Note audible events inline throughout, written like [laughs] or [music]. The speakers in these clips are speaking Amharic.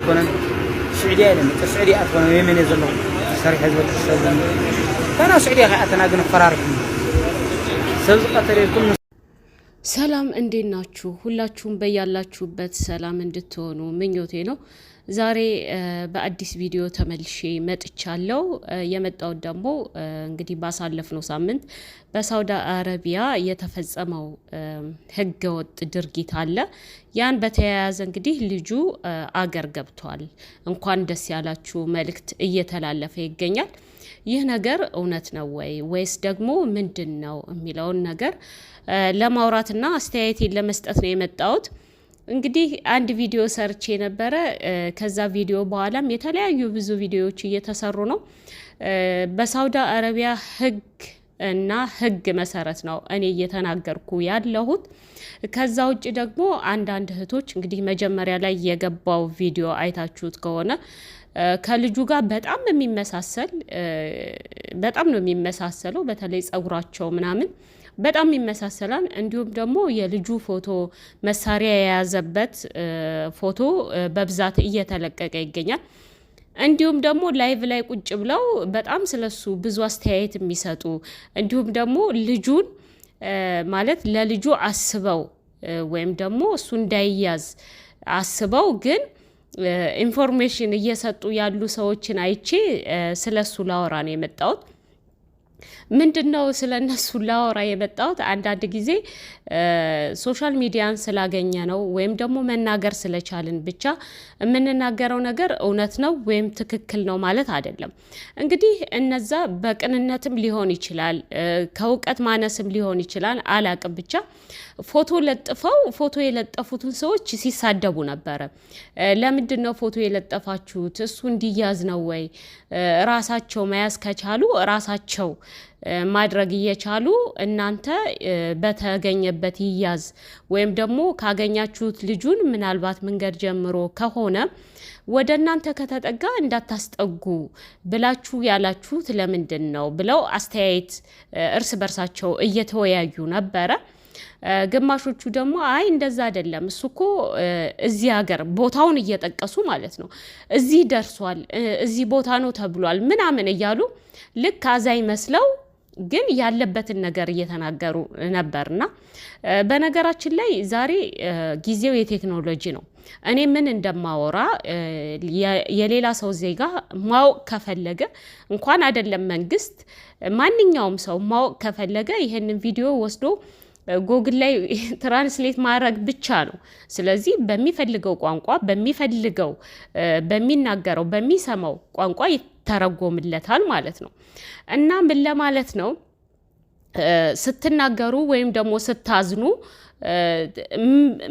ኢኮኖሚ ስዑድያ የለን እ ስዕድ ኣትኮነ የመን እየ ዘለኹ ሰሪሐ ዝበል ሰብ ታና ስዑድያ ከዓ ግን ኣፈራርኩ ሰብ ዝቀተለልኩም ሰላም እንዴት ናችሁ? ሁላችሁም በያላችሁበት ሰላም እንድትሆኑ ምኞቴ ነው። ዛሬ በአዲስ ቪዲዮ ተመልሼ መጥቻለሁ። የመጣሁት ደግሞ እንግዲህ ባሳለፍነው ሳምንት በሳውዲ አረቢያ የተፈጸመው ህገወጥ ድርጊት አለ። ያን በተያያዘ እንግዲህ ልጁ አገር ገብቷል፣ እንኳን ደስ ያላችሁ መልእክት እየተላለፈ ይገኛል። ይህ ነገር እውነት ነው ወይ ወይስ ደግሞ ምንድን ነው የሚለውን ነገር ለማውራትና አስተያየቴን ለመስጠት ነው የመጣሁት። እንግዲህ አንድ ቪዲዮ ሰርቼ የነበረ ከዛ ቪዲዮ በኋላም የተለያዩ ብዙ ቪዲዮዎች እየተሰሩ ነው። በሳውዲ አረቢያ ህግ እና ህግ መሰረት ነው እኔ እየተናገርኩ ያለሁት። ከዛ ውጭ ደግሞ አንዳንድ እህቶች እንግዲህ መጀመሪያ ላይ የገባው ቪዲዮ አይታችሁት ከሆነ ከልጁ ጋር በጣም የሚመሳሰል በጣም ነው የሚመሳሰለው፣ በተለይ ጸጉራቸው ምናምን በጣም ይመሳሰላል። እንዲሁም ደግሞ የልጁ ፎቶ መሳሪያ የያዘበት ፎቶ በብዛት እየተለቀቀ ይገኛል። እንዲሁም ደግሞ ላይቭ ላይ ቁጭ ብለው በጣም ስለሱ ብዙ አስተያየት የሚሰጡ እንዲሁም ደግሞ ልጁን ማለት ለልጁ አስበው ወይም ደግሞ እሱ እንዳይያዝ አስበው ግን ኢንፎርሜሽን እየሰጡ ያሉ ሰዎችን አይቼ ስለሱ ላወራ ነው የመጣሁት። ምንድን ነው ስለ እነሱ ላወራ የመጣሁት? አንዳንድ ጊዜ ሶሻል ሚዲያን ስላገኘ ነው ወይም ደግሞ መናገር ስለቻልን ብቻ የምንናገረው ነገር እውነት ነው ወይም ትክክል ነው ማለት አይደለም። እንግዲህ እነዛ በቅንነትም ሊሆን ይችላል፣ ከእውቀት ማነስም ሊሆን ይችላል፣ አላቅም ብቻ ፎቶ ለጥፈው ፎቶ የለጠፉትን ሰዎች ሲሳደቡ ነበረ። ለምንድን ነው ፎቶ የለጠፋችሁት? እሱ እንዲያዝ ነው ወይ? ራሳቸው መያዝ ከቻሉ ራሳቸው ማድረግ እየቻሉ እናንተ በተገኘበት ይያዝ ወይም ደግሞ ካገኛችሁት ልጁን ምናልባት መንገድ ጀምሮ ከሆነ ወደ እናንተ ከተጠጋ እንዳታስጠጉ ብላችሁ ያላችሁት ለምንድን ነው ብለው አስተያየት እርስ በርሳቸው እየተወያዩ ነበረ። ግማሾቹ ደግሞ አይ እንደዛ አይደለም እሱ እኮ እዚህ ሀገር ቦታውን እየጠቀሱ ማለት ነው እዚህ ደርሷል፣ እዚህ ቦታ ነው ተብሏል ምናምን እያሉ ልክ አዛኝ መስለው ግን ያለበትን ነገር እየተናገሩ ነበርና በነገራችን ላይ ዛሬ ጊዜው የቴክኖሎጂ ነው። እኔ ምን እንደማወራ የሌላ ሰው ዜጋ ማወቅ ከፈለገ እንኳን አይደለም መንግስት፣ ማንኛውም ሰው ማወቅ ከፈለገ ይህንን ቪዲዮ ወስዶ ጎግል ላይ [laughs] ትራንስሌት ማድረግ ብቻ ነው። ስለዚህ በሚፈልገው ቋንቋ በሚፈልገው በሚናገረው በሚሰማው ቋንቋ ይተረጎምለታል ማለት ነው እና ምን ለማለት ነው ስትናገሩ ወይም ደግሞ ስታዝኑ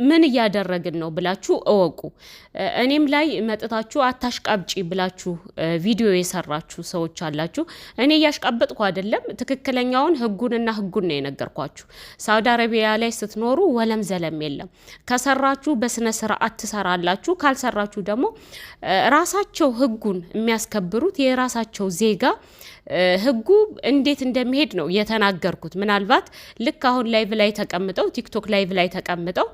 ምን እያደረግን ነው ብላችሁ እወቁ። እኔም ላይ መጥታችሁ አታሽቃብጪ ብላችሁ ቪዲዮ የሰራችሁ ሰዎች አላችሁ። እኔ እያሽቃበጥኩ አይደለም፣ ትክክለኛውን ህጉንና ህጉን ነው የነገርኳችሁ። ሳውዲ አረቢያ ላይ ስትኖሩ ወለም ዘለም የለም። ከሰራችሁ በስነ ስርዓት ትሰራላችሁ፣ ካልሰራችሁ ደግሞ ራሳቸው ህጉን የሚያስከብሩት የራሳቸው ዜጋ ህጉ እንዴት እንደሚሄድ ነው የተናገርኩት። ምናልባት ልክ አሁን ላይቭ ላይ ተቀምጠው ቲክቶክ ላይ ላይቭ ላይ ተቀምጠው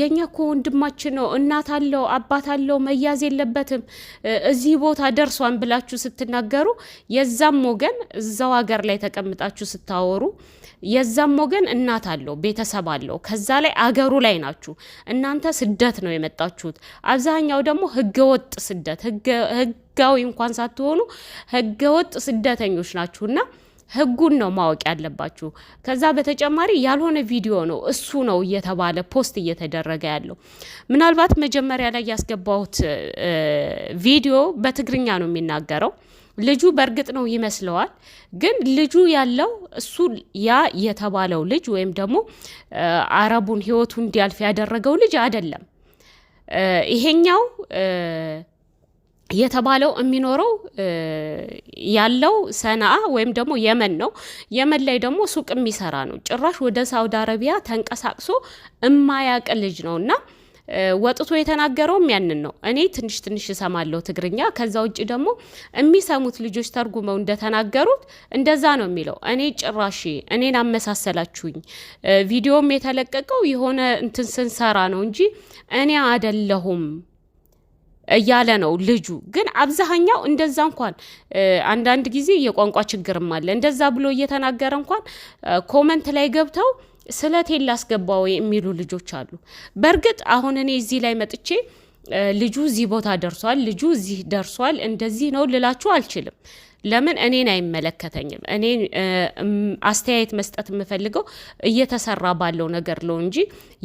የኛ ኮ ወንድማችን ነው፣ እናት አለው፣ አባት አለው፣ መያዝ የለበትም እዚህ ቦታ ደርሷን ብላችሁ ስትናገሩ፣ የዛም ወገን እዛው ሀገር ላይ ተቀምጣችሁ ስታወሩ፣ የዛም ወገን እናት አለው፣ ቤተሰብ አለው። ከዛ ላይ አገሩ ላይ ናችሁ። እናንተ ስደት ነው የመጣችሁት። አብዛኛው ደግሞ ህገወጥ ስደት ህጋዊ እንኳን ሳትሆኑ ህገወጥ ስደተኞች ናችሁና ህጉን ነው ማወቅ ያለባችሁ። ከዛ በተጨማሪ ያልሆነ ቪዲዮ ነው እሱ ነው እየተባለ ፖስት እየተደረገ ያለው። ምናልባት መጀመሪያ ላይ ያስገባሁት ቪዲዮ በትግርኛ ነው የሚናገረው ልጁ በእርግጥ ነው ይመስለዋል። ግን ልጁ ያለው እሱ ያ የተባለው ልጅ ወይም ደግሞ አረቡን ህይወቱ እንዲያልፍ ያደረገው ልጅ አይደለም ይሄኛው የተባለው የሚኖረው ያለው ሰናአ ወይም ደግሞ የመን ነው። የመን ላይ ደግሞ ሱቅ የሚሰራ ነው። ጭራሽ ወደ ሳውዲ አረቢያ ተንቀሳቅሶ እማያቅ ልጅ ነው እና ወጥቶ የተናገረውም ያንን ነው። እኔ ትንሽ ትንሽ እሰማለሁ ትግርኛ። ከዛ ውጭ ደግሞ የሚሰሙት ልጆች ተርጉመው እንደተናገሩት እንደዛ ነው የሚለው። እኔ ጭራሽ እኔን አመሳሰላችሁኝ። ቪዲዮም የተለቀቀው የሆነ እንትን ስንሰራ ነው እንጂ እኔ አደለሁም እያለ ነው ልጁ። ግን አብዛኛው እንደዛ እንኳን አንዳንድ ጊዜ የቋንቋ ችግርም አለ። እንደዛ ብሎ እየተናገረ እንኳን ኮመንት ላይ ገብተው ስለቴን ላስገባው የሚሉ ልጆች አሉ። በእርግጥ አሁን እኔ እዚህ ላይ መጥቼ ልጁ እዚህ ቦታ ደርሷል፣ ልጁ እዚህ ደርሷል፣ እንደዚህ ነው ልላችሁ አልችልም። ለምን እኔን አይመለከተኝም። እኔ አስተያየት መስጠት የምፈልገው እየተሰራ ባለው ነገር ነው እንጂ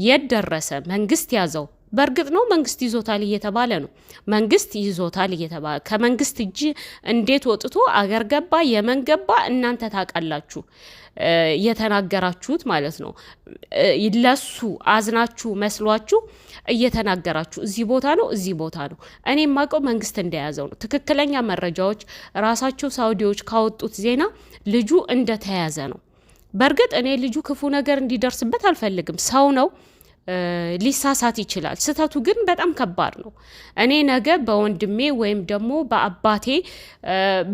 የት ደረሰ መንግስት ያዘው በእርግጥ ነው መንግስት ይዞታል እየተባለ ነው። መንግስት ይዞታል እየተባለ ከመንግስት እጅ እንዴት ወጥቶ አገር ገባ የመን ገባ እናንተ ታውቃላችሁ፣ እየተናገራችሁት ማለት ነው። ለሱ አዝናችሁ መስሏችሁ እየተናገራችሁ እዚህ ቦታ ነው እዚህ ቦታ ነው። እኔ የማውቀው መንግስት እንደያዘው ነው። ትክክለኛ መረጃዎች ራሳቸው ሳውዲዎች ካወጡት ዜና ልጁ እንደተያዘ ነው። በእርግጥ እኔ ልጁ ክፉ ነገር እንዲደርስበት አልፈልግም። ሰው ነው። ሊሳሳት ይችላል። ስህተቱ ግን በጣም ከባድ ነው። እኔ ነገ በወንድሜ ወይም ደግሞ በአባቴ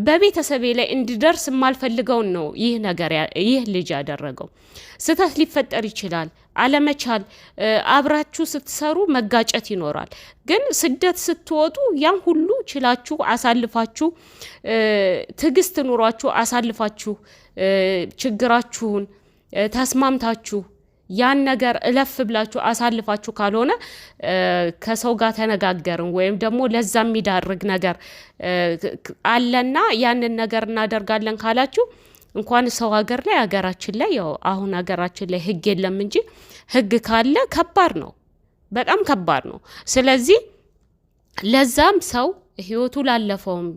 በቤተሰቤ ላይ እንዲደርስ የማልፈልገውን ነው ይህ ነገር ይህ ልጅ ያደረገው። ስህተት ሊፈጠር ይችላል፣ አለመቻል፣ አብራችሁ ስትሰሩ መጋጨት ይኖራል። ግን ስደት ስትወጡ ያን ሁሉ ችላችሁ አሳልፋችሁ ትዕግስት ኑሯችሁ አሳልፋችሁ ችግራችሁን ተስማምታችሁ ያን ነገር እለፍ ብላችሁ አሳልፋችሁ ካልሆነ ከሰው ጋር ተነጋገርን ወይም ደግሞ ለዛ የሚዳርግ ነገር አለና ያንን ነገር እናደርጋለን ካላችሁ እንኳን ሰው ሀገር ላይ ሀገራችን ላይ ያው አሁን ሀገራችን ላይ ሕግ የለም እንጂ ሕግ ካለ ከባድ ነው፣ በጣም ከባድ ነው። ስለዚህ ለዛም ሰው ህይወቱ ላለፈውም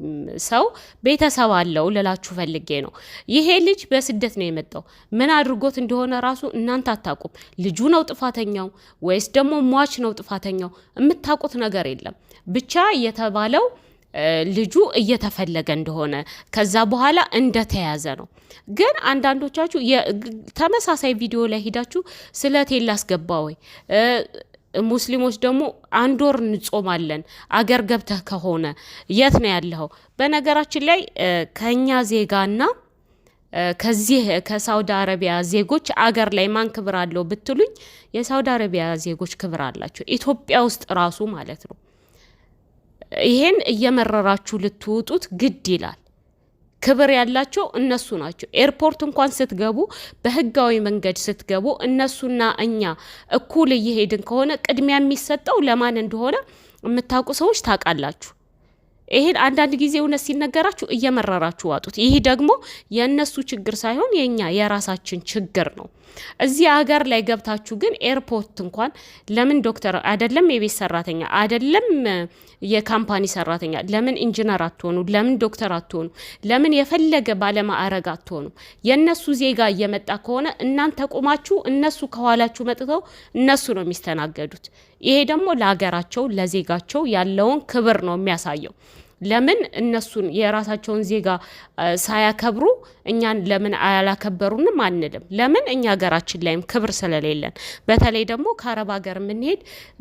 ሰው ቤተሰብ አለው ልላችሁ ፈልጌ ነው። ይሄ ልጅ በስደት ነው የመጣው። ምን አድርጎት እንደሆነ ራሱ እናንተ አታውቁም። ልጁ ነው ጥፋተኛው ወይስ ደግሞ ሟች ነው ጥፋተኛው? የምታውቁት ነገር የለም። ብቻ የተባለው ልጁ እየተፈለገ እንደሆነ ከዛ በኋላ እንደተያዘ ነው። ግን አንዳንዶቻችሁ ተመሳሳይ ቪዲዮ ላይ ሂዳችሁ ስለ ቴል አስገባ ወይ ሙስሊሞች ደግሞ አንድ ወር እንጾማለን። አገር ገብተህ ከሆነ የት ነው ያለኸው? በነገራችን ላይ ከእኛ ዜጋና ከዚህ ከሳውዲ አረቢያ ዜጎች አገር ላይ ማን ክብር አለው ብትሉኝ፣ የሳውዲ አረቢያ ዜጎች ክብር አላቸው። ኢትዮጵያ ውስጥ ራሱ ማለት ነው። ይሄን እየመረራችሁ ልትውጡት ግድ ይላል። ክብር ያላቸው እነሱ ናቸው። ኤርፖርት እንኳን ስትገቡ በህጋዊ መንገድ ስትገቡ እነሱና እኛ እኩል እየሄድን ከሆነ ቅድሚያ የሚሰጠው ለማን እንደሆነ የምታውቁ ሰዎች ታውቃላችሁ። ይሄን አንዳንድ ጊዜ እውነት ሲነገራችሁ እየመረራችሁ ዋጡት። ይህ ደግሞ የእነሱ ችግር ሳይሆን የእኛ የራሳችን ችግር ነው። እዚህ ሀገር ላይ ገብታችሁ ግን ኤርፖርት እንኳን ለምን ዶክተር አይደለም የቤት ሰራተኛ አይደለም የካምፓኒ ሰራተኛ ለምን ኢንጂነር አትሆኑ? ለምን ዶክተር አትሆኑ? ለምን የፈለገ ባለማዕረግ አትሆኑ? የእነሱ ዜጋ እየመጣ ከሆነ እናንተ ቆማችሁ፣ እነሱ ከኋላችሁ መጥተው እነሱ ነው የሚስተናገዱት። ይሄ ደግሞ ለሀገራቸው ለዜጋቸው ያለውን ክብር ነው የሚያሳየው። ለምን እነሱን የራሳቸውን ዜጋ ሳያከብሩ እኛን ለምን አላከበሩንም አንልም። ለምን እኛ ሀገራችን ላይም ክብር ስለሌለን፣ በተለይ ደግሞ ከአረብ ሀገር የምንሄድ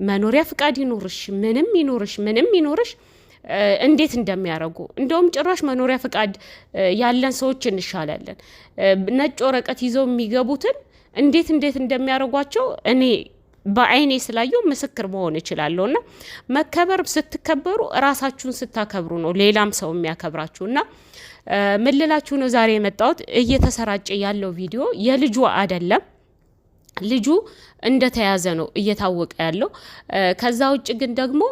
መኖሪያ ፍቃድ ይኖርሽ ምንም ይኖርሽ ምንም ይኖርሽ እንዴት እንደሚያደርጉ እንደውም ጭራሽ መኖሪያ ፍቃድ ያለን ሰዎች እንሻላለን። ነጭ ወረቀት ይዘው የሚገቡትን እንዴት እንዴት እንደሚያደርጓቸው እኔ በአይኔ ስላየው ምስክር መሆን እችላለሁ። እና መከበር ስትከበሩ ራሳችሁን ስታከብሩ ነው ሌላም ሰው የሚያከብራችሁ። እና ምን ልላችሁ ነው ዛሬ የመጣሁት እየተሰራጨ ያለው ቪዲዮ የልጁ አይደለም። ልጁ እንደተያዘ ነው እየታወቀ ያለው። ከዛ ውጭ ግን ደግሞ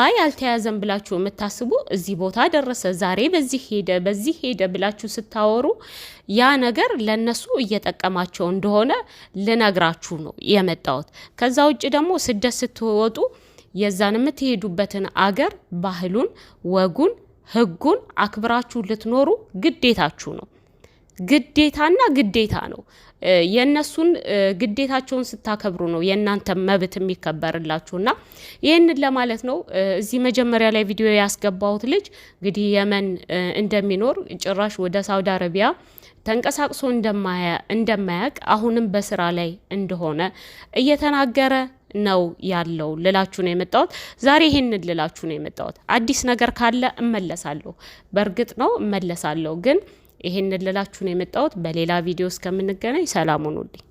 አይ አልተያዘም ብላችሁ የምታስቡ እዚህ ቦታ ደረሰ፣ ዛሬ በዚህ ሄደ፣ በዚህ ሄደ ብላችሁ ስታወሩ ያ ነገር ለነሱ እየጠቀማቸው እንደሆነ ልነግራችሁ ነው የመጣሁት። ከዛ ውጭ ደግሞ ስደት ስትወጡ የዛን የምትሄዱበትን አገር ባህሉን፣ ወጉን፣ ህጉን አክብራችሁ ልትኖሩ ግዴታችሁ ነው። ግዴታና ግዴታ ነው። የእነሱን ግዴታቸውን ስታከብሩ ነው የእናንተ መብት የሚከበርላችሁና ይህንን ለማለት ነው። እዚህ መጀመሪያ ላይ ቪዲዮ ያስገባሁት ልጅ እንግዲህ የመን እንደሚኖር ጭራሽ ወደ ሳውዲ አረቢያ ተንቀሳቅሶ እንደማያቅ አሁንም በስራ ላይ እንደሆነ እየተናገረ ነው ያለው። ልላችሁ ነው የመጣሁት ዛሬ ይህንን ልላችሁ ነው የመጣሁት። አዲስ ነገር ካለ እመለሳለሁ። በእርግጥ ነው እመለሳለሁ ግን ይሄንን ልላችሁ ነው የመጣሁት። በሌላ ቪዲዮ እስከምንገናኝ ሰላም ሁኑልኝ።